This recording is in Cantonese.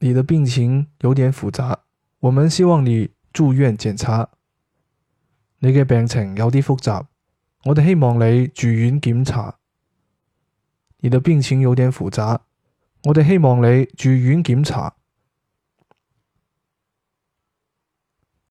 你的病情有點複雜，我們希望你住院檢查。你嘅病情有啲複雜，我哋希望你住院檢查。你的病情有點複雜，我哋希望你住院檢查。